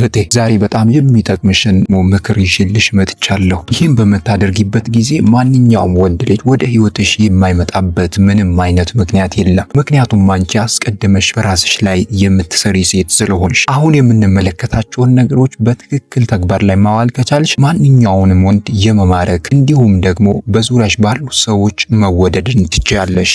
እህቴ ዛሬ በጣም የሚጠቅምሽን ምክር ይዤልሽ መጥቻለሁ። ይህም በምታደርጊበት ጊዜ ማንኛውም ወንድ ልጅ ወደ ህይወትሽ የማይመጣበት ምንም አይነት ምክንያት የለም። ምክንያቱም አንቺ አስቀድመሽ በራስሽ ላይ የምትሰሪ ሴት ስለሆንሽ አሁን የምንመለከታቸውን ነገሮች በትክክል ተግባር ላይ ማዋል ከቻልሽ ማንኛውንም ወንድ የመማረክ እንዲሁም ደግሞ በዙሪያሽ ባሉ ሰዎች መወደድን ትችያለሽ።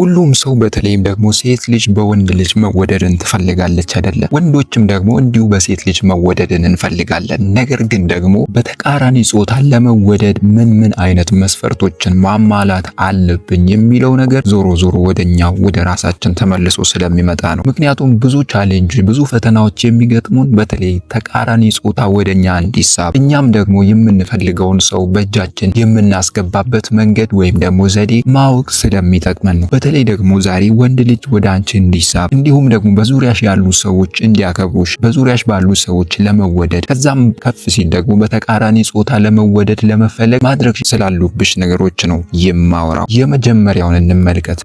ሁሉም ሰው በተለይም ደግሞ ሴት ልጅ በወንድ ልጅ መወደድን ትፈልጋለች አይደለም? ወንዶችም ደግሞ እንዲሁ በሴት ልጅ መወደድን እንፈልጋለን። ነገር ግን ደግሞ በተቃራኒ ጾታ ለመወደድ ምን ምን አይነት መስፈርቶችን ማሟላት አለብኝ የሚለው ነገር ዞሮ ዞሮ ወደኛ ወደ ራሳችን ተመልሶ ስለሚመጣ ነው። ምክንያቱም ብዙ ቻሌንጅ፣ ብዙ ፈተናዎች የሚገጥሙን በተለይ ተቃራኒ ጾታ ወደኛ እንዲሳብ እኛም ደግሞ የምንፈልገውን ሰው በእጃችን የምናስገባበት መንገድ ወይም ደግሞ ዘዴ ማወቅ ስለሚጠቅመን ነው። በተለይ ደግሞ ዛሬ ወንድ ልጅ ወደ አንቺ እንዲሳብ እንዲሁም ደግሞ በዙሪያሽ ያሉ ሰዎች እንዲያከብሩሽ በዙሪያሽ ባሉ ሰዎች ለመወደድ ከዛም ከፍ ሲል ደግሞ በተቃራኒ ጾታ ለመወደድ ለመፈለግ ማድረግ ስላሉብሽ ነገሮች ነው የማወራው። የመጀመሪያውን እንመልከት።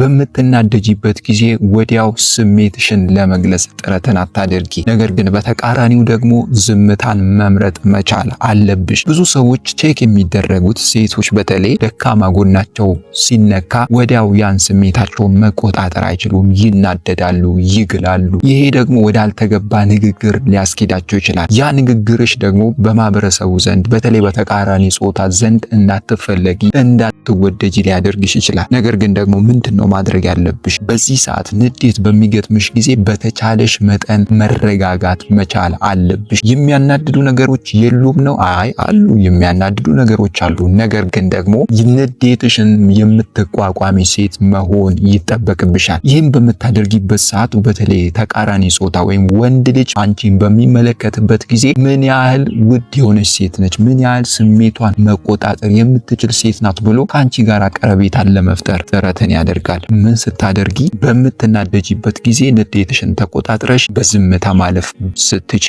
በምትናደጂበት ጊዜ ወዲያው ስሜትሽን ለመግለጽ ጥረትን አታደርጊ። ነገር ግን በተቃራኒው ደግሞ ዝምታን መምረጥ መቻል አለብሽ። ብዙ ሰዎች ቼክ የሚደረጉት ሴቶች በተለይ ደካማ ጎናቸው ሲነካ ወዲያው ያን ስሜታቸውን መቆጣጠር አይችሉም፣ ይናደዳሉ፣ ይግላሉ። ይሄ ደግሞ ወዳልተገባ ንግግር ሊያስኬዳቸው ይችላል። ያ ንግግርሽ ደግሞ በማህበረሰቡ ዘንድ በተለይ በተቃራኒ ጾታ ዘንድ እንዳትፈለጊ፣ እንዳትወደጂ ሊያደርግሽ ይችላል። ነገር ግን ደግሞ ምንድን ነው ማድረግ ያለብሽ። በዚህ ሰዓት ንዴት በሚገጥምሽ ጊዜ በተቻለሽ መጠን መረጋጋት መቻል አለብሽ። የሚያናድዱ ነገሮች የሉም ነው? አይ አሉ፣ የሚያናድዱ ነገሮች አሉ። ነገር ግን ደግሞ ንዴትሽን የምትቋቋሚ ሴት መሆን ይጠበቅብሻል። ይህም በምታደርጊበት ሰዓት በተለይ ተቃራኒ ጾታ ወይም ወንድ ልጅ አንቺን በሚመለከትበት ጊዜ ምን ያህል ውድ የሆነች ሴት ነች፣ ምን ያህል ስሜቷን መቆጣጠር የምትችል ሴት ናት ብሎ ከአንቺ ጋር ቀረቤታን ለመፍጠር ጥረትን ያደርግ ይጠይቃል። ምን ስታደርጊ በምትናደጂበት ጊዜ ንዴትሽን ተቆጣጥረሽ በዝምታ ማለፍ ስትቺ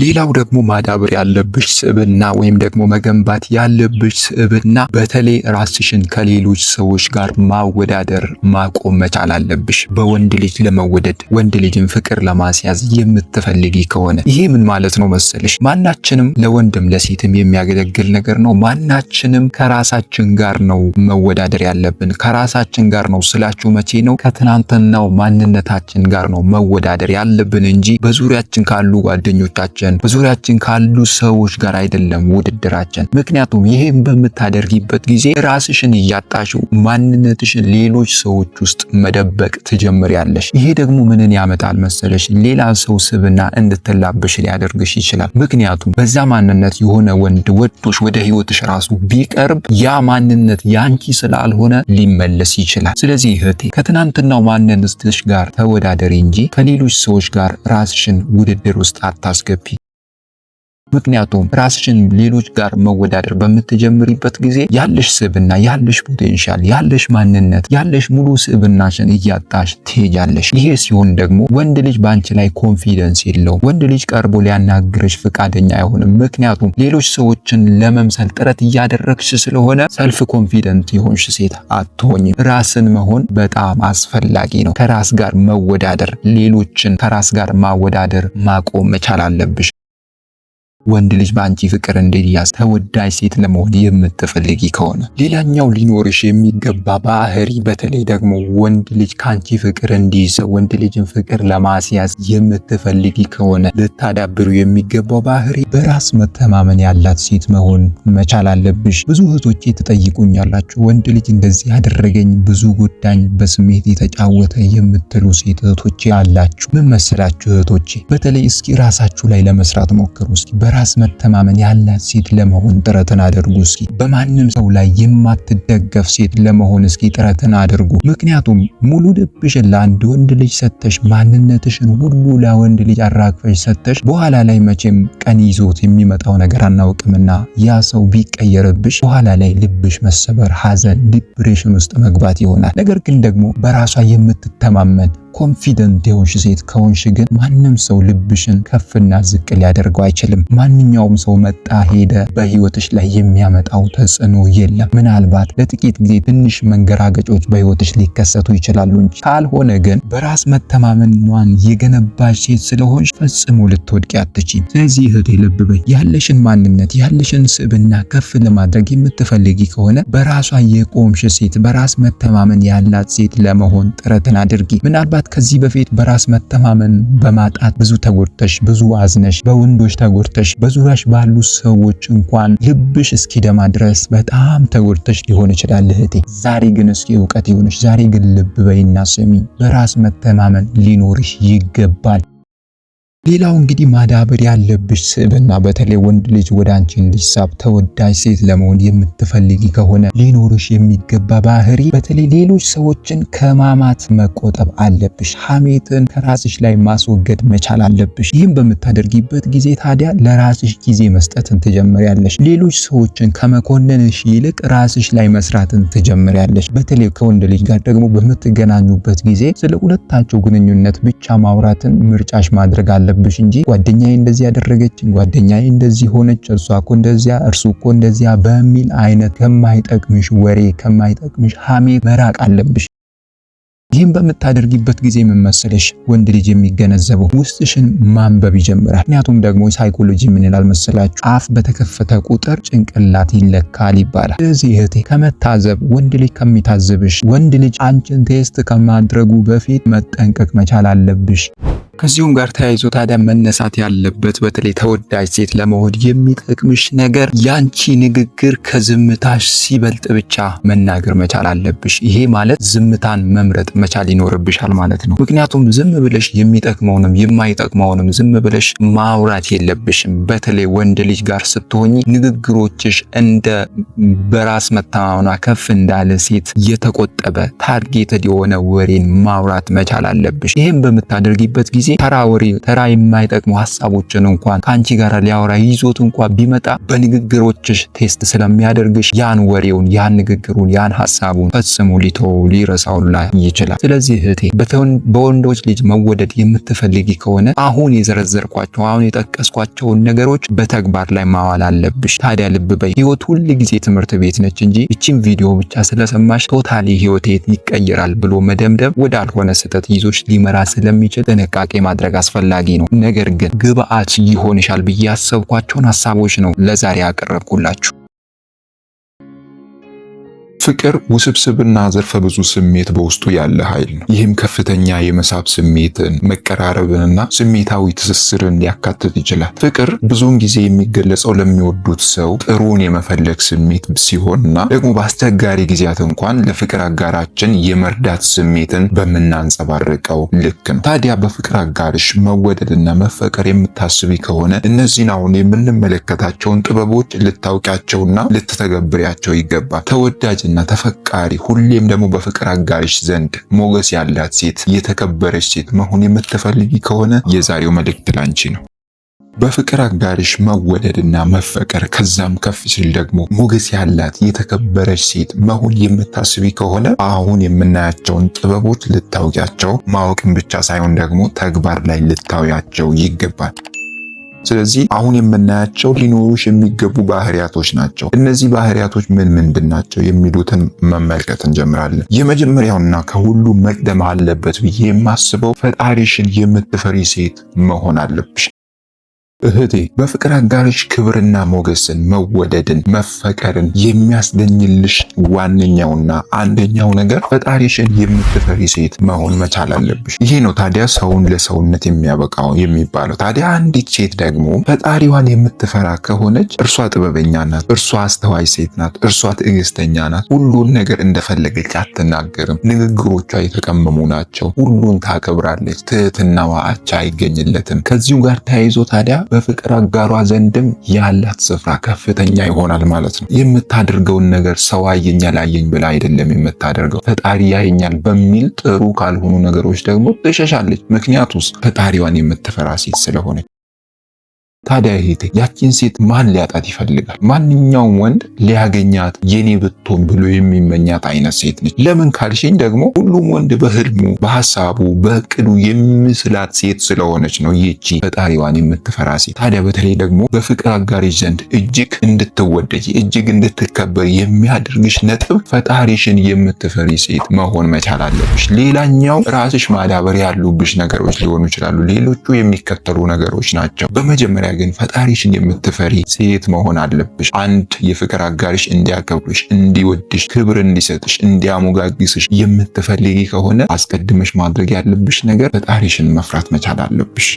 ሌላው ደግሞ ማዳበር ያለብሽ ስብና ወይም ደግሞ መገንባት ያለብሽ ስብና በተለይ ራስሽን ከሌሎች ሰዎች ጋር ማወዳደር ማቆም መቻል አለብሽ። በወንድ ልጅ ለመወደድ ወንድ ልጅን ፍቅር ለማስያዝ የምትፈልጊ ከሆነ ይሄ ምን ማለት ነው መሰለሽ? ማናችንም ለወንድም ለሴትም የሚያገለግል ነገር ነው። ማናችንም ከራሳችን ጋር ነው መወዳደር ያለብን። ከራሳችን ጋር ነው ስላችሁ መቼ ነው? ከትናንትናው ማንነታችን ጋር ነው መወዳደር ያለብን እንጂ በዙሪያችን ካሉ ጓደኞቻችን አድርገን በዙሪያችን ካሉ ሰዎች ጋር አይደለም ውድድራችን። ምክንያቱም ይህም በምታደርጊበት ጊዜ ራስሽን እያጣሽው ማንነትሽን ሌሎች ሰዎች ውስጥ መደበቅ ትጀምሪያለሽ። ይሄ ደግሞ ምንን ያመጣል መሰለሽ? ሌላ ሰው ስብና እንድትላብሽ ሊያደርግሽ ይችላል። ምክንያቱም በዛ ማንነት የሆነ ወንድ ወዶሽ ወደ ህይወትሽ ራሱ ቢቀርብ ያ ማንነት ያንቺ ስላልሆነ ሊመለስ ይችላል። ስለዚህ እህቴ ከትናንትናው ማንነትሽ ጋር ተወዳደሪ እንጂ ከሌሎች ሰዎች ጋር ራስሽን ውድድር ውስጥ አታስገቢ። ምክንያቱም ራስሽን ሌሎች ጋር መወዳደር በምትጀምሪበት ጊዜ ያለሽ ስብና ያለሽ ፖቴንሻል ያለሽ ማንነት ያለሽ ሙሉ ስብናሽን እያጣሽ ትሄጃለሽ። ይሄ ሲሆን ደግሞ ወንድ ልጅ በአንቺ ላይ ኮንፊደንስ የለውም። ወንድ ልጅ ቀርቦ ሊያናግርሽ ፈቃደኛ አይሆንም። ምክንያቱም ሌሎች ሰዎችን ለመምሰል ጥረት እያደረግሽ ስለሆነ ሰልፍ ኮንፊደንት የሆንሽ ሴት አትሆኝም። ራስን መሆን በጣም አስፈላጊ ነው። ከራስ ጋር መወዳደር፣ ሌሎችን ከራስ ጋር ማወዳደር ማቆም መቻል አለብሽ። ወንድ ልጅ በአንቺ ፍቅር እንዲያዝ ተወዳጅ ሴት ለመሆን የምትፈልጊ ከሆነ ሌላኛው ሊኖርሽ የሚገባ ባህሪ፣ በተለይ ደግሞ ወንድ ልጅ ከአንቺ ፍቅር እንዲይዘው ወንድ ልጅን ፍቅር ለማስያዝ የምትፈልጊ ከሆነ ልታዳብሩ የሚገባው ባህሪ በራስ መተማመን ያላት ሴት መሆን መቻል አለብሽ። ብዙ እህቶቼ ትጠይቁኛላችሁ፣ ወንድ ልጅ እንደዚህ ያደረገኝ፣ ብዙ ጉዳኝ በስሜት የተጫወተ የምትሉ ሴት እህቶቼ አላችሁ። ምን መሰላችሁ እህቶቼ፣ በተለይ እስኪ ራሳችሁ ላይ ለመስራት ሞክሩ እስኪ በራስ መተማመን ያላት ሴት ለመሆን ጥረትን አድርጉ። እስኪ በማንም ሰው ላይ የማትደገፍ ሴት ለመሆን እስኪ ጥረትን አድርጉ። ምክንያቱም ሙሉ ልብሽን ለአንድ ወንድ ልጅ ሰጥተሽ ማንነትሽን ሁሉ ለወንድ ልጅ አራግፈሽ ሰጥተሽ በኋላ ላይ መቼም ቀን ይዞት የሚመጣው ነገር አናውቅምና ያ ሰው ቢቀየርብሽ በኋላ ላይ ልብሽ መሰበር፣ ሐዘን፣ ዲፕሬሽን ውስጥ መግባት ይሆናል። ነገር ግን ደግሞ በራሷ የምትተማመን ኮንፊደንት የሆንሽ ሴት ከሆንሽ ግን ማንም ሰው ልብሽን ከፍና ዝቅ ሊያደርገው አይችልም። ማንኛውም ሰው መጣ ሄደ፣ በህይወትሽ ላይ የሚያመጣው ተጽዕኖ የለም። ምናልባት ለጥቂት ጊዜ ትንሽ መንገራገጮች በህይወትሽ ሊከሰቱ ይችላሉ እንጂ ካልሆነ ግን በራስ መተማመኗን የገነባች ሴት ስለሆንሽ ፈጽሞ ልትወድቅ አትችም። ስለዚህ እህቴ ልብ በይ። ያለሽን ማንነት ያለሽን ስብና ከፍ ለማድረግ የምትፈልጊ ከሆነ በራሷ የቆምሽ ሴት፣ በራስ መተማመን ያላት ሴት ለመሆን ጥረትን አድርጊ። ምናልባት ከዚህ በፊት በራስ መተማመን በማጣት ብዙ ተጎድተሽ፣ ብዙ አዝነሽ፣ በወንዶች ተጎድተሽ፣ በዙሪያሽ ባሉ ሰዎች እንኳን ልብሽ እስኪደማ ድረስ በጣም ተጎድተሽ ሊሆን ይችላል እህቴ። ዛሬ ግን እስኪ እውቀት ይሁንሽ። ዛሬ ግን ልብ በይና ስሚ። በራስ መተማመን ሊኖርሽ ይገባል። ሌላው እንግዲህ ማዳበር ያለብሽ ስብዕና በተለይ ወንድ ልጅ ወደ አንቺ እንዲሳብ ተወዳጅ ሴት ለመሆን የምትፈልጊ ከሆነ ሊኖርሽ የሚገባ ባህሪ በተለይ ሌሎች ሰዎችን ከማማት መቆጠብ አለብሽ። ሐሜትን ከራስሽ ላይ ማስወገድ መቻል አለብሽ። ይህም በምታደርጊበት ጊዜ ታዲያ ለራስሽ ጊዜ መስጠትን ትጀምሪያለሽ። ሌሎች ሰዎችን ከመኮንንሽ ይልቅ ራስሽ ላይ መስራትን ትጀምሪያለሽ። በተለይ ከወንድ ልጅ ጋር ደግሞ በምትገናኙበት ጊዜ ስለ ሁለታቸው ግንኙነት ብቻ ማውራትን ምርጫሽ ማድረግ አለብሽ። አለብሽ እንጂ ጓደኛዬ እንደዚህ ያደረገች፣ ጓደኛዬ እንደዚህ ሆነች፣ እርሷ እኮ እንደዚያ፣ እርሱ እኮ እንደዚያ በሚል አይነት ከማይጠቅምሽ ወሬ ከማይጠቅምሽ ሐሜት መራቅ አለብሽ። ይህም በምታደርጊበት ጊዜ ምን መሰለሽ ወንድ ልጅ የሚገነዘበው ውስጥሽን ማንበብ ይጀምራል። ምክንያቱም ደግሞ ሳይኮሎጂ ምን ይላል መሰላችሁ? አፍ በተከፈተ ቁጥር ጭንቅላት ይለካል ይባላል። ስለዚህ እህቴ ከመታዘብ ወንድ ልጅ ከሚታዘብሽ፣ ወንድ ልጅ አንቺን ቴስት ከማድረጉ በፊት መጠንቀቅ መቻል አለብሽ። ከዚሁም ጋር ተያይዞ ታዲያ መነሳት ያለበት በተለይ ተወዳጅ ሴት ለመሆን የሚጠቅምሽ ነገር ያንቺ ንግግር ከዝምታሽ ሲበልጥ ብቻ መናገር መቻል አለብሽ። ይሄ ማለት ዝምታን መምረጥ መቻል ይኖርብሻል ማለት ነው። ምክንያቱም ዝም ብለሽ የሚጠቅመውንም የማይጠቅመውንም ዝም ብለሽ ማውራት የለብሽም። በተለይ ወንድ ልጅ ጋር ስትሆኝ ንግግሮችሽ እንደ በራስ መተማመኗ ከፍ እንዳለ ሴት የተቆጠበ ታርጌትድ የሆነ ወሬን ማውራት መቻል አለብሽ። ይህም በምታደርጊበት ጊዜ ጊዜ ተራ ወሬ፣ ተራ የማይጠቅሙ ሀሳቦችን እንኳን ከአንቺ ጋር ሊያወራ ይዞት እንኳ ቢመጣ በንግግሮችሽ ቴስት ስለሚያደርግሽ ያን ወሬውን፣ ያን ንግግሩን፣ ያን ሀሳቡን ፈጽሞ ሊተው ሊረሳው ላይ ይችላል። ስለዚህ እህቴ በወንዶች ልጅ መወደድ የምትፈልጊ ከሆነ አሁን የዘረዘርኳቸው አሁን የጠቀስኳቸውን ነገሮች በተግባር ላይ ማዋል አለብሽ። ታዲያ ልብ በይ ህይወት ሁል ጊዜ ትምህርት ቤት ነች እንጂ እችም ቪዲዮ ብቻ ስለሰማሽ ቶታሊ ህይወቴ ይቀየራል ብሎ መደምደም ወዳልሆነ ስህተት ይዞሽ ሊመራ ስለሚችል ጥንቃቄ ማድረግ አስፈላጊ ነው። ነገር ግን ግብአት ይሆንሻል ብዬ ያሰብኳቸውን ሀሳቦች ነው ለዛሬ ያቀረብኩላችሁ። ፍቅር ውስብስብና ዘርፈ ብዙ ስሜት በውስጡ ያለ ኃይል ነው። ይህም ከፍተኛ የመሳብ ስሜትን፣ መቀራረብንና ስሜታዊ ትስስርን ሊያካትት ይችላል። ፍቅር ብዙውን ጊዜ የሚገለጸው ለሚወዱት ሰው ጥሩን የመፈለግ ስሜት ሲሆንና ደግሞ በአስቸጋሪ ጊዜያት እንኳን ለፍቅር አጋራችን የመርዳት ስሜትን በምናንጸባርቀው ልክ ነው። ታዲያ በፍቅር አጋርሽ መወደድና መፈቀር የምታስቢ ከሆነ እነዚህን አሁን የምንመለከታቸውን ጥበቦች ልታውቂያቸውና ልትተገብሪያቸው ይገባል። ተወዳጅ ተወዳጅና ተፈቃሪ ሁሌም ደግሞ በፍቅር አጋርሽ ዘንድ ሞገስ ያላት ሴት የተከበረች ሴት መሆን የምትፈልጊ ከሆነ የዛሬው መልእክት ላንቺ ነው። በፍቅር አጋርሽ መወደድና መፈቀር ከዛም ከፍ ሲል ደግሞ ሞገስ ያላት የተከበረች ሴት መሆን የምታስቢ ከሆነ አሁን የምናያቸውን ጥበቦች ልታውቂያቸው፣ ማወቅን ብቻ ሳይሆን ደግሞ ተግባር ላይ ልታውያቸው ይገባል። ስለዚህ አሁን የምናያቸው ሊኖሩሽ የሚገቡ ባህሪያቶች ናቸው። እነዚህ ባህሪያቶች ምን ምንድን ናቸው የሚሉትን መመልከት እንጀምራለን። የመጀመሪያውና ከሁሉ መቅደም አለበት ብዬ የማስበው ፈጣሪሽን የምትፈሪ ሴት መሆን አለብሽ። እህቴ በፍቅር አጋርሽ ክብርና ሞገስን መወደድን መፈቀርን የሚያስገኝልሽ ዋነኛውና አንደኛው ነገር ፈጣሪሽን የምትፈሪ ሴት መሆን መቻል አለብሽ። ይሄ ነው ታዲያ ሰውን ለሰውነት የሚያበቃው የሚባለው። ታዲያ አንዲት ሴት ደግሞ ፈጣሪዋን የምትፈራ ከሆነች እርሷ ጥበበኛ ናት፣ እርሷ አስተዋይ ሴት ናት፣ እርሷ ትዕግስተኛ ናት። ሁሉን ነገር እንደፈለገች አትናገርም። ንግግሮቿ የተቀመሙ ናቸው። ሁሉን ታከብራለች። ትህትናዋ አቻ አይገኝለትም። ከዚሁ ጋር ተያይዞ ታዲያ በፍቅር አጋሯ ዘንድም ያላት ስፍራ ከፍተኛ ይሆናል ማለት ነው። የምታደርገውን ነገር ሰው አየኛል አየኝ ብላ አይደለም የምታደርገው ፈጣሪ ያየኛል በሚል ጥሩ ካልሆኑ ነገሮች ደግሞ ትሸሻለች። ምክንያቱስ ፈጣሪዋን የምትፈራ ሴት ስለሆነች ታዲያ ይሄቴ ያቺን ሴት ማን ሊያጣት ይፈልጋል? ማንኛውም ወንድ ሊያገኛት የኔ ብትሆን ብሎ የሚመኛት አይነት ሴት ነች። ለምን ካልሽኝ ደግሞ ሁሉም ወንድ በህልሙ በሀሳቡ በእቅዱ የሚስላት ሴት ስለሆነች ነው ይቺ ፈጣሪዋን የምትፈራ ሴት። ታዲያ በተለይ ደግሞ በፍቅር አጋሪሽ ዘንድ እጅግ እንድትወደጅ እጅግ እንድትከበር የሚያደርግሽ ነጥብ ፈጣሪሽን የምትፈሪ ሴት መሆን መቻል አለብሽ። ሌላኛው ራስሽ ማዳበር ያሉብሽ ነገሮች ሊሆኑ ይችላሉ። ሌሎቹ የሚከተሉ ነገሮች ናቸው። በመጀመሪያ መጀመሪያ ግን ፈጣሪሽን የምትፈሪ ሴት መሆን አለብሽ። አንድ የፍቅር አጋርሽ እንዲያከብርሽ፣ እንዲወድሽ፣ ክብር እንዲሰጥሽ፣ እንዲያሞጋግስሽ የምትፈልጊ ከሆነ አስቀድመሽ ማድረግ ያለብሽ ነገር ፈጣሪሽን መፍራት መቻል አለብሽ።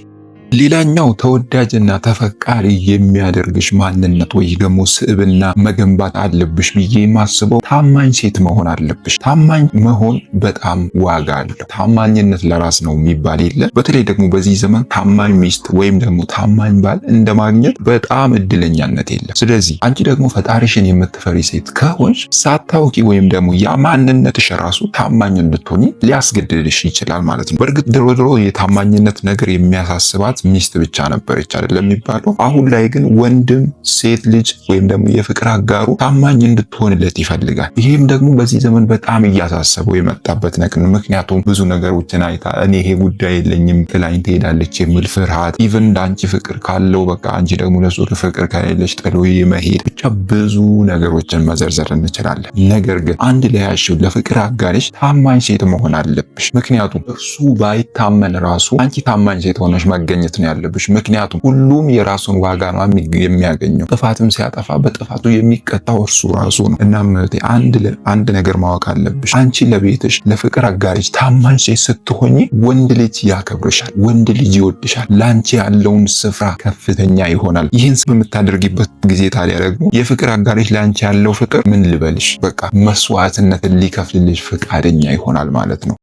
ሌላኛው ተወዳጅና ተፈቃሪ የሚያደርግሽ ማንነት ወይ ደግሞ ስዕብና መገንባት አለብሽ ብዬ የማስበው ታማኝ ሴት መሆን አለብሽ። ታማኝ መሆን በጣም ዋጋ አለው። ታማኝነት ለራስ ነው የሚባል የለ። በተለይ ደግሞ በዚህ ዘመን ታማኝ ሚስት ወይም ደግሞ ታማኝ ባል እንደማግኘት በጣም እድለኛነት የለም። ስለዚህ አንቺ ደግሞ ፈጣሪሽን የምትፈሪ ሴት ከሆንሽ ሳታውቂ ወይም ደግሞ ያ ማንነትሽ ራሱ ታማኝ እንድትሆኝ ሊያስገድድሽ ይችላል ማለት ነው። በእርግጥ ድሮ ድሮ የታማኝነት ነገር የሚያሳስባት ማለት ሚስት ብቻ ነበረች አይደለም የሚባለው። አሁን ላይ ግን ወንድም ሴት ልጅ ወይም ደግሞ የፍቅር አጋሩ ታማኝ እንድትሆንለት ይፈልጋል። ይሄም ደግሞ በዚህ ዘመን በጣም እያሳሰበው የመጣበት ነገር፣ ምክንያቱም ብዙ ነገሮችን አይታ እኔ ይሄ ጉዳይ የለኝም ጥላኝ ትሄዳለች የሚል ፍርሃት፣ ኢቨን ለአንቺ ፍቅር ካለው በቃ አንቺ ደግሞ ለሱ ፍቅር ከሌለች ጥሎ መሄድ፣ ብቻ ብዙ ነገሮችን መዘርዘር እንችላለን። ነገር ግን አንድ ላይ ያሽው ለፍቅር አጋርሽ ታማኝ ሴት መሆን አለብሽ። ምክንያቱም እሱ ባይታመን ራሱ አንቺ ታማኝ ሴት ሆነሽ መገኘት ማግኘት ነው ያለብሽ። ምክንያቱም ሁሉም የራሱን ዋጋ ነው የሚያገኘው። ጥፋትም ሲያጠፋ በጥፋቱ የሚቀጣው እርሱ ራሱ ነው። እናም አንድ አንድ ነገር ማወቅ አለብሽ። አንቺ ለቤትሽ ለፍቅር አጋሪች ታማኝ ሴት ስትሆኝ ወንድ ልጅ ያከብርሻል፣ ወንድ ልጅ ይወድሻል። ለአንቺ ያለውን ስፍራ ከፍተኛ ይሆናል። ይህን በምታደርጊበት ጊዜ ታዲያ ደግሞ የፍቅር አጋሪች ለአንቺ ያለው ፍቅር ምን ልበልሽ፣ በቃ መስዋዕትነትን ሊከፍልልሽ ፈቃደኛ ይሆናል ማለት ነው።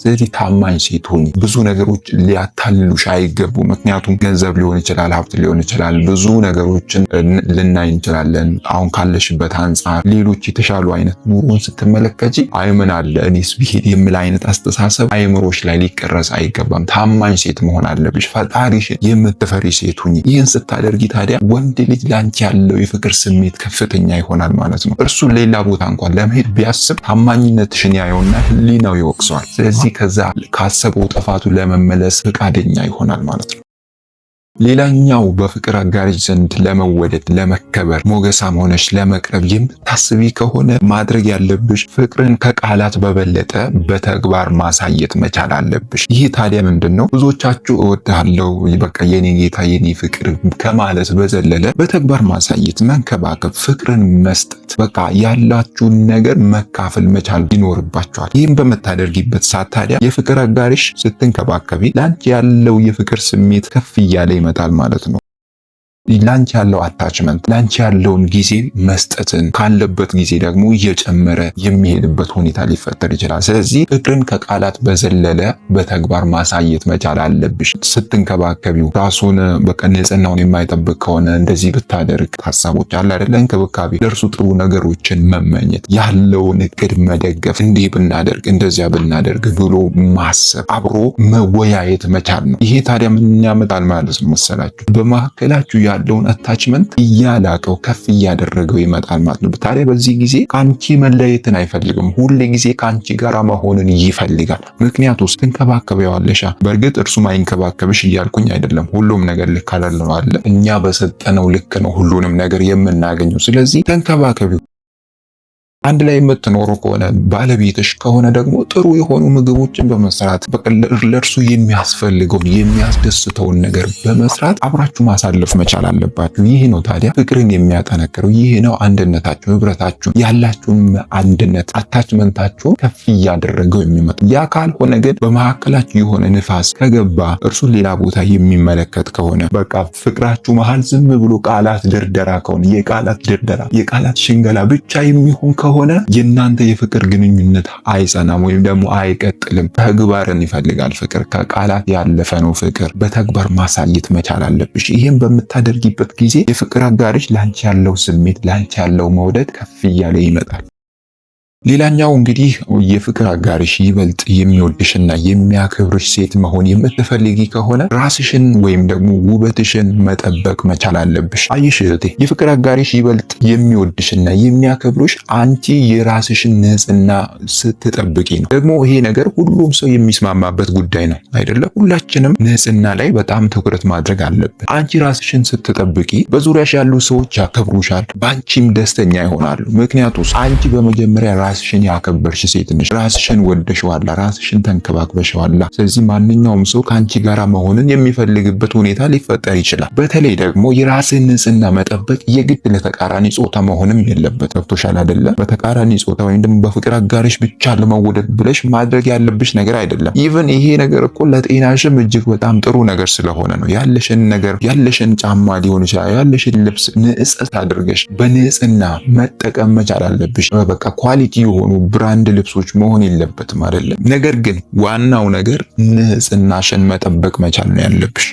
ስለዚህ ታማኝ ሴት ብዙ ነገሮች ሊያታልሉሽ አይገቡ። ምክንያቱም ገንዘብ ሊሆን ይችላል፣ ሀብት ሊሆን ይችላል፣ ብዙ ነገሮችን ልናይ እንችላለን። አሁን ካለሽበት አንጻር ሌሎች የተሻሉ አይነት ኑሮን ስትመለከቺ አይምን አለ እኔስ ብሄድ የሚል አይነት አስተሳሰብ አይምሮች ላይ ሊቀረስ አይገባም። ታማኝ ሴት መሆን አለብሽ። ፈጣሪሽን የምትፈሪ ሴት ሁኚ። ይህን ስታደርጊ ታዲያ ወንድ ልጅ ላንቺ ያለው የፍቅር ስሜት ከፍተኛ ይሆናል ማለት ነው። እርሱ ሌላ ቦታ እንኳን ለመሄድ ቢያስብ ታማኝነትሽን ያየውና ህሊናው ይወቅሰዋል። ስለዚህ ከዚህ ከዛ ካሰበው ጥፋቱ ለመመለስ ፈቃደኛ ይሆናል ማለት ነው። ሌላኛው በፍቅር አጋርሽ ዘንድ ለመወደድ ለመከበር ሞገሳም ሆነሽ ለመቅረብ የምታስቢ ከሆነ ማድረግ ያለብሽ ፍቅርን ከቃላት በበለጠ በተግባር ማሳየት መቻል አለብሽ። ይህ ታዲያ ምንድን ነው? ብዙዎቻችሁ እወድሃለሁ በቃ የኔ ጌታ የኔ ፍቅር ከማለት በዘለለ በተግባር ማሳየት፣ መንከባከብ፣ ፍቅርን መስጠት፣ በቃ ያላችሁን ነገር መካፈል መቻል ይኖርባቸዋል። ይህም በምታደርጊበት ሰዓት ታዲያ የፍቅር አጋሪሽ ስትንከባከቢ ለአንቺ ያለው የፍቅር ስሜት ከፍ እያለ ይመጣል ማለት ነው። ላንቺ ያለው አታችመንት ላንቺ ያለውን ጊዜ መስጠትን ካለበት ጊዜ ደግሞ እየጨመረ የሚሄድበት ሁኔታ ሊፈጠር ይችላል። ስለዚህ ፍቅርን ከቃላት በዘለለ በተግባር ማሳየት መቻል አለብሽ። ስትንከባከቢው ራሱን በቃ ንጽህናውን የማይጠብቅ ከሆነ እንደዚህ ብታደርግ ሀሳቦች አለ አይደለ? እንክብካቤ ለእርሱ ጥሩ ነገሮችን መመኘት፣ ያለውን እቅድ መደገፍ፣ እንዲህ ብናደርግ እንደዚያ ብናደርግ ብሎ ማሰብ፣ አብሮ መወያየት መቻል ነው። ይሄ ታዲያ ምን ያመጣል ማለት ነው መሰላችሁ በመካከላችሁ ያለውን አታችመንት እያላቀው ከፍ እያደረገው ይመጣል ማለት ነው። ታዲያ በዚህ ጊዜ ከአንቺ መለየትን አይፈልግም። ሁሌ ጊዜ ከአንቺ ጋር መሆንን ይፈልጋል። ምክንያቱ ውስጥ ትንከባከቢዋለሻ። በእርግጥ እርሱ አይንከባከብሽ እያልኩኝ አይደለም። ሁሉም ነገር ልክ አለ። እኛ በሰጠነው ልክ ነው ሁሉንም ነገር የምናገኘው። ስለዚህ ተንከባከቢው። አንድ ላይ የምትኖሩ ከሆነ ባለቤትሽ ከሆነ ደግሞ ጥሩ የሆኑ ምግቦችን በመስራት ለእርሱ የሚያስፈልገውን የሚያስደስተውን ነገር በመስራት አብራችሁ ማሳለፍ መቻል አለባችሁ። ይህ ነው ታዲያ ፍቅርን የሚያጠነክረው። ይህ ነው አንድነታችሁ፣ ህብረታችሁ፣ ያላችሁን አንድነት አታችመንታችሁን ከፍ እያደረገው የሚመጣ። ያ ካልሆነ ግን በመካከላችሁ የሆነ ንፋስ ከገባ እርሱ ሌላ ቦታ የሚመለከት ከሆነ በቃ ፍቅራችሁ መሀል ዝም ብሎ ቃላት ድርደራ ከሆነ የቃላት ድርደራ የቃላት ሽንገላ ብቻ የሚሆን ከሆነ የእናንተ የፍቅር ግንኙነት አይጸናም ወይም ደግሞ አይቀጥልም። ተግባርን ይፈልጋል ፍቅር። ከቃላት ያለፈ ነው ፍቅር። በተግባር ማሳየት መቻል አለብሽ። ይህም በምታደርጊበት ጊዜ የፍቅር አጋሪች ላንቺ ያለው ስሜት ላንቺ ያለው መውደድ ከፍ እያለ ይመጣል። ሌላኛው እንግዲህ የፍቅር አጋርሽ ይበልጥ የሚወድሽና የሚያከብርሽ ሴት መሆን የምትፈልጊ ከሆነ ራስሽን ወይም ደግሞ ውበትሽን መጠበቅ መቻል አለብሽ። አይሽ እህቴ፣ የፍቅር አጋርሽ ይበልጥ የሚወድሽና የሚያከብርሽ አንቺ የራስሽን ንጽህና ስትጠብቂ ነው። ደግሞ ይሄ ነገር ሁሉም ሰው የሚስማማበት ጉዳይ ነው አይደለም? ሁላችንም ንጽህና ላይ በጣም ትኩረት ማድረግ አለብን። አንቺ ራስሽን ስትጠብቂ በዙሪያሽ ያሉ ሰዎች ያከብሩሻል፣ በአንቺም ደስተኛ ይሆናሉ። ምክንያቱ አንቺ በመጀመሪያ ራስሽን ያከበርሽ ሴት ነሽ። ራስሽን ወደሽዋላ፣ ራስሽን ተንከባክበሽዋላ። ስለዚህ ማንኛውም ሰው ከአንቺ ጋራ መሆንን የሚፈልግበት ሁኔታ ሊፈጠር ይችላል። በተለይ ደግሞ የራስን ንጽህና መጠበቅ የግድ ለተቃራኒ ጾታ መሆንም የለበት። ገብቶሻል አይደለ? በተቃራኒ ጾታ ወይም ደግሞ በፍቅር አጋርሽ ብቻ ለመወደድ ብለሽ ማድረግ ያለብሽ ነገር አይደለም። ኢቨን ይሄ ነገር እኮ ለጤናሽም እጅግ በጣም ጥሩ ነገር ስለሆነ ነው። ያለሽን ነገር ያለሽን ጫማ ሊሆን ይችላል ያለሽን ልብስ ንጽሕት አድርገሽ በንጽህና መጠቀም መቻል አለብሽ። በቃ ኳሊቲ የሆኑ ብራንድ ልብሶች መሆን የለበትም አይደለም። ነገር ግን ዋናው ነገር ንጽህናሽን መጠበቅ መቻል ነው ያለብሽ።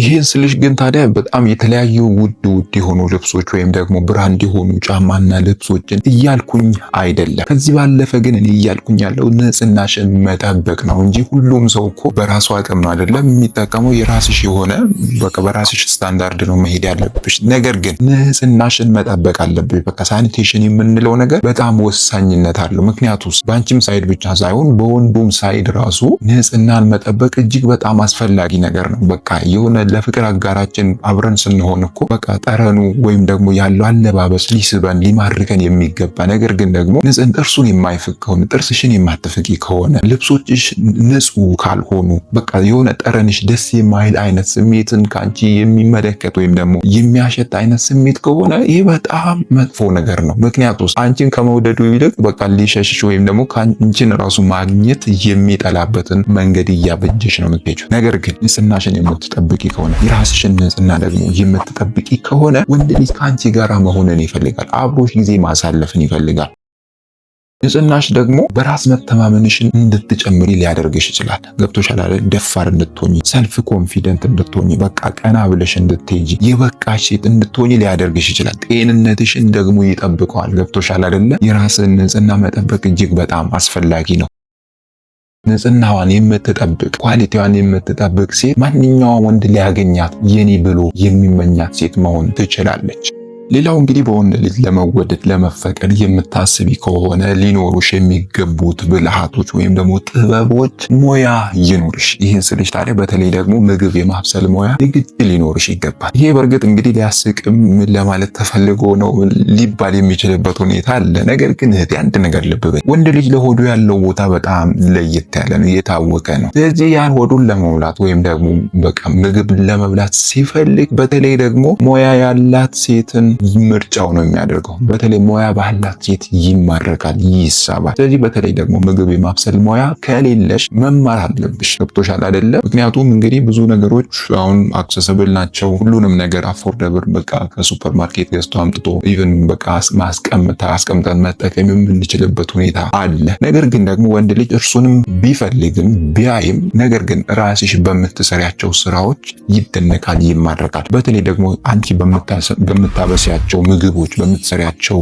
ይህን ስልሽ ግን ታዲያ በጣም የተለያዩ ውድ ውድ የሆኑ ልብሶች ወይም ደግሞ ብራንድ የሆኑ ጫማና ልብሶችን እያልኩኝ አይደለም። ከዚህ ባለፈ ግን እኔ እያልኩኝ ያለው ንጽህናሽን መጠበቅ ነው እንጂ ሁሉም ሰው እኮ በራሱ አቅም ነው አይደለም የሚጠቀመው። የራስሽ የሆነ በቃ በራስሽ ስታንዳርድ ነው መሄድ ያለብሽ። ነገር ግን ንጽህናሽን መጠበቅ አለብሽ። በቃ ሳኒቴሽን የምንለው ነገር በጣም ወሳኝነት አለው። ውስጥ በአንቺም ሳይድ ብቻ ሳይሆን በወንዱም ሳይድ ራሱ ንጽህናን መጠበቅ እጅግ በጣም አስፈላጊ ነገር ነው። በቃ የሆነ ለፍቅር አጋራችን አብረን ስንሆን እኮ በቃ ጠረኑ ወይም ደግሞ ያለው አለባበስ ሊስበን ሊማርከን የሚገባ ነገር ግን ደግሞ ንጽህን ጥርሱን የማይፍቅ ከሆነ ጥርስሽን የማትፍቂ ከሆነ ልብሶችሽ ንጹህ ካልሆኑ በቃ የሆነ ጠረንሽ ደስ የማይል አይነት ስሜትን ከአንቺ የሚመለከት ወይም ደግሞ የሚያሸት አይነት ስሜት ከሆነ ይህ በጣም መጥፎ ነገር ነው። ምክንያቱ አንቺን ከመውደዱ ይልቅ በቃ ሊሸሽሽ ወይም ደግሞ ከአንቺን ራሱ ማግኘት የሚጠላበትን መንገድ እያበጀሽ ነው የምትሄጂው። ነገር ግን ንጽህናሽን የምትጠብቂ ከሆነ የራስሽን ንጽህና ደግሞ የምትጠብቂ ከሆነ ወንድ ልጅ ከአንቺ ጋራ መሆንን ይፈልጋል። አብሮሽ ጊዜ ማሳለፍን ይፈልጋል። ንጽህናሽ ደግሞ በራስ መተማመንሽን እንድትጨምሪ ሊያደርግሽ ይችላል። ገብቶሻል አይደል? ደፋር እንድትሆኝ፣ ሰልፍ ኮንፊደንት እንድትሆኝ፣ በቃ ቀና ብለሽ እንድትሄጂ፣ የበቃሽ ሴት እንድትሆኝ ሊያደርግሽ ይችላል። ጤንነትሽን ደግሞ ይጠብቀዋል። ገብቶሻል አይደለ? የራስን ንጽህና መጠበቅ እጅግ በጣም አስፈላጊ ነው። ንጽህናዋን የምትጠብቅ ኳሊቲዋን የምትጠብቅ ሴት ማንኛውም ወንድ ሊያገኛት የኔ ብሎ የሚመኛት ሴት መሆን ትችላለች። ሌላው እንግዲህ በወንድ ልጅ ለመወደድ ለመፈቀድ የምታስቢ ከሆነ ሊኖሩሽ የሚገቡት ብልሃቶች ወይም ደግሞ ጥበቦች፣ ሙያ ይኖርሽ ይህን ስልሽ ታዲያ በተለይ ደግሞ ምግብ የማብሰል ሙያ የግድ ሊኖርሽ ይገባል። ይሄ በእርግጥ እንግዲህ ሊያስቅም ለማለት ተፈልጎ ነው ሊባል የሚችልበት ሁኔታ አለ። ነገር ግን እህቴ አንድ ነገር ልብ በይ፣ ወንድ ልጅ ለሆዱ ያለው ቦታ በጣም ለየት ያለ ነው፣ የታወቀ ነው። ስለዚህ ያን ሆዱን ለመሙላት ወይም ደግሞ በቃ ምግብ ለመብላት ሲፈልግ በተለይ ደግሞ ሙያ ያላት ሴትን ምርጫው ነው የሚያደርገው። በተለይ ሙያ ባላት ሴት ይማረካል፣ ይሳባል። ስለዚህ በተለይ ደግሞ ምግብ የማብሰል ሙያ ከሌለሽ መማር አለብሽ። ገብቶሻል አይደለም? ምክንያቱም እንግዲህ ብዙ ነገሮች አሁን አክሰሰብል ናቸው። ሁሉንም ነገር አፎርደብል በቃ ከሱፐር ማርኬት ገዝቶ አምጥቶ ኢቨን በቃ ማስቀምታ አስቀምጠን መጠቀም የምንችልበት ሁኔታ አለ። ነገር ግን ደግሞ ወንድ ልጅ እርሱንም ቢፈልግም ቢያይም ነገር ግን ራስሽ በምትሰሪያቸው ስራዎች ይደነቃል፣ ይማረካል። በተለይ ደግሞ አንቺ በምታበስ በምታበስያቸው ምግቦች፣ በምትሰሪያቸው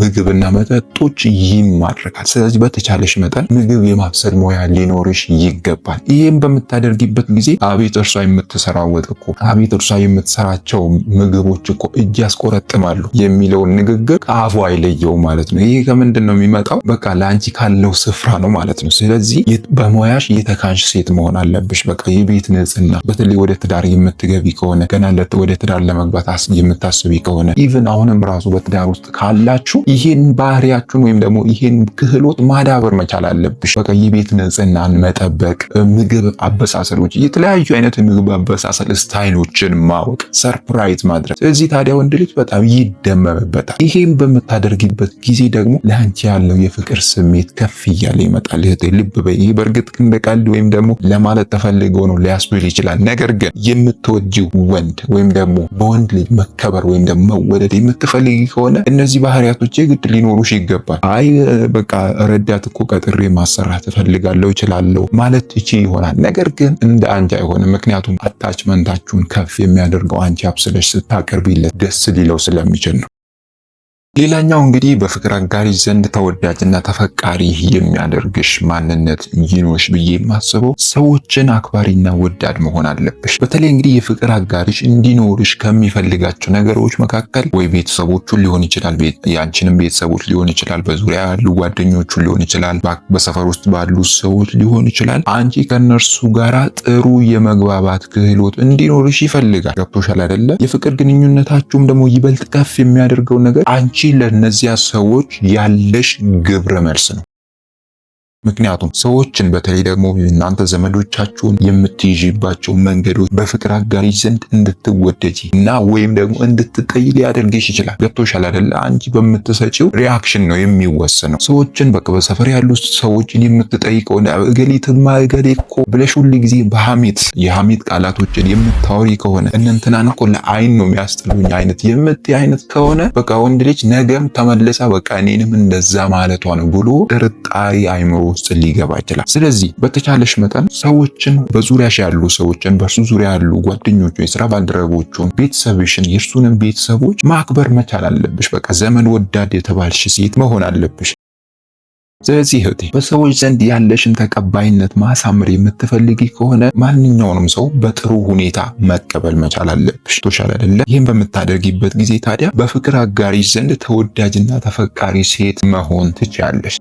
ምግብና መጠጦች ይማርካል። ስለዚህ በተቻለሽ መጠን ምግብ የማብሰል ሙያ ሊኖርሽ ይገባል። ይህም በምታደርጊበት ጊዜ አቤት እርሷ የምትሰራው ወጥ እኮ አቤት እርሷ የምትሰራቸው ምግቦች እኮ እጅ ያስቆረጥማሉ የሚለውን ንግግር ከአፉ አይለየው ማለት ነው። ይህ ከምንድን ነው የሚመጣው? በቃ ለአንቺ ካለው ስፍራ ነው ማለት ነው። ስለዚህ በሙያሽ የተካንሽ ሴት መሆን አለብሽ። በቃ የቤት ንጽህና፣ በተለይ ወደ ትዳር የምትገቢ ከሆነ ገና ወደ ትዳር ለመግባት የምታስቢ ከሆነ ኢቭን አሁንም ራሱ በትዳር ውስጥ ካላችሁ ይሄን ባህሪያችሁን ወይም ደግሞ ይሄን ክህሎት ማዳበር መቻል አለብሽ። በቃ የቤት ንጽህናን መጠበቅ፣ ምግብ አበሳሰሎች፣ የተለያዩ አይነት የምግብ አበሳሰል ስታይሎችን ማወቅ፣ ሰርፕራይዝ ማድረግ። ስለዚህ ታዲያ ወንድ ልጅ በጣም ይደመምበታል። ይሄም በምታደርጊበት ጊዜ ደግሞ ለአንቺ ያለው የፍቅር ስሜት ከፍ እያለ ይመጣል። እህቴ ልብ በይ። ይህ በእርግጥ እንደ ቀልድ ወይም ደግሞ ለማለት ተፈልገው ነው ሊያስብል ይችላል። ነገር ግን የምትወጂው ወንድ ወይም ደግሞ በወንድ ልጅ መከበር ወይም ደግሞ መወደድ የምትፈልጊ ከሆነ እነዚህ ባህሪያቶች የግድ ሊኖሩሽ ይገባል። አይ በቃ ረዳት እኮ ቀጥሬ ማሰራት እፈልጋለሁ እችላለሁ ማለት ይቺ ይሆናል። ነገር ግን እንደ አንቺ አይሆንም። ምክንያቱም አታችመንታችሁን ከፍ የሚያደርገው አንቺ አብስለሽ ስታቀርቢለት ደስ ሊለው ስለሚችል ነው። ሌላኛው እንግዲህ በፍቅር አጋሪ ዘንድ ተወዳጅና ተፈቃሪ የሚያደርግሽ ማንነት ይኖሽ ብዬ የማስበው ሰዎችን አክባሪና ወዳድ መሆን አለብሽ። በተለይ እንግዲህ የፍቅር አጋሪሽ እንዲኖርሽ ከሚፈልጋቸው ነገሮች መካከል ወይ ቤተሰቦቹን ሊሆን ይችላል፣ ያንቺንም ቤተሰቦች ሊሆን ይችላል፣ በዙሪያ ያሉ ጓደኞቹን ሊሆን ይችላል፣ በሰፈር ውስጥ ባሉ ሰዎች ሊሆን ይችላል። አንቺ ከነርሱ ጋር ጥሩ የመግባባት ክህሎት እንዲኖርሽ ይፈልጋል። ገብቶሻል አይደለ? የፍቅር ግንኙነታችሁም ደግሞ ይበልጥ ከፍ የሚያደርገው ነገር አንቺ ለእነዚያ ሰዎች ያለሽ ግብረ መልስ ነው። ምክንያቱም ሰዎችን በተለይ ደግሞ እናንተ ዘመዶቻችሁን የምትይዥባቸው መንገዶች በፍቅር አጋሪሽ ዘንድ እንድትወደጂ እና ወይም ደግሞ እንድትጠይ ሊያደርግሽ ይችላል። ገብቶሻል አይደለ? አንቺ በምትሰጪው ሪያክሽን ነው የሚወሰነው። ሰዎችን በቅበ ሰፈር ያሉ ሰዎችን የምትጠይቀው እገሊትማ እገሌ እኮ ብለሽ ሁሉ ጊዜ በሐሜት የሐሜት ቃላቶችን የምታወሪ ከሆነ እነንትናን እኮ ለአይን ነው የሚያስጥሉኝ አይነት የምትይ አይነት ከሆነ በቃ ወንድ ልጅ ነገም ተመለሳ በቃ እኔንም እንደዛ ማለቷ ነው ብሎ ጥርጣሬ አይምሮ ውስጥ ሊገባ ይችላል። ስለዚህ በተቻለሽ መጠን ሰዎችን በዙሪያሽ ያሉ ሰዎችን በእርሱ ዙሪያ ያሉ ጓደኞቹ፣ የስራ ባልደረቦቹን፣ ቤተሰብሽን የእርሱንም ቤተሰቦች ማክበር መቻል አለብሽ። በቃ ዘመን ወዳድ የተባልሽ ሴት መሆን አለብሽ። ስለዚህ እህቴ በሰዎች ዘንድ ያለሽን ተቀባይነት ማሳመር የምትፈልጊ ከሆነ ማንኛውንም ሰው በጥሩ ሁኔታ መቀበል መቻል አለብሽ። ቶሻል አይደለ? ይህን በምታደርጊበት ጊዜ ታዲያ በፍቅር አጋሪሽ ዘንድ ተወዳጅና ተፈቃሪ ሴት መሆን ትችያለሽ።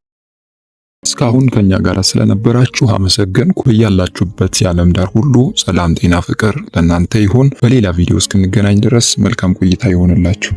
እስካሁን ከኛ ጋር ስለነበራችሁ አመሰገንኩ። በያላችሁበት የዓለም ዳር ሁሉ ሰላም፣ ጤና፣ ፍቅር ለእናንተ ይሁን። በሌላ ቪዲዮ እስክንገናኝ ድረስ መልካም ቆይታ ይሆንላችሁ።